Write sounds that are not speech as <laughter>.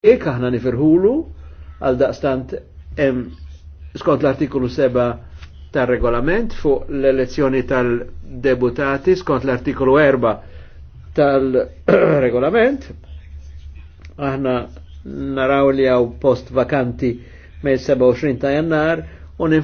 Ek aħna nifirħulu għal daqstant skont l-artikolu 7 tal-regolament fuq l-elezzjoni tal-deputati skont l-artikolu 4 tal-regolament <clears throat> aħna naraw li għaw post vakanti me 27 ta' jannar un